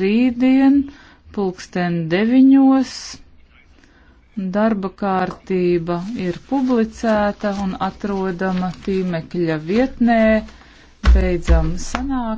rītdien, pulksten deviņos. Darba kārtība ir publicēta un atrodama tīmekļa vietnē. Beidzam sanāk.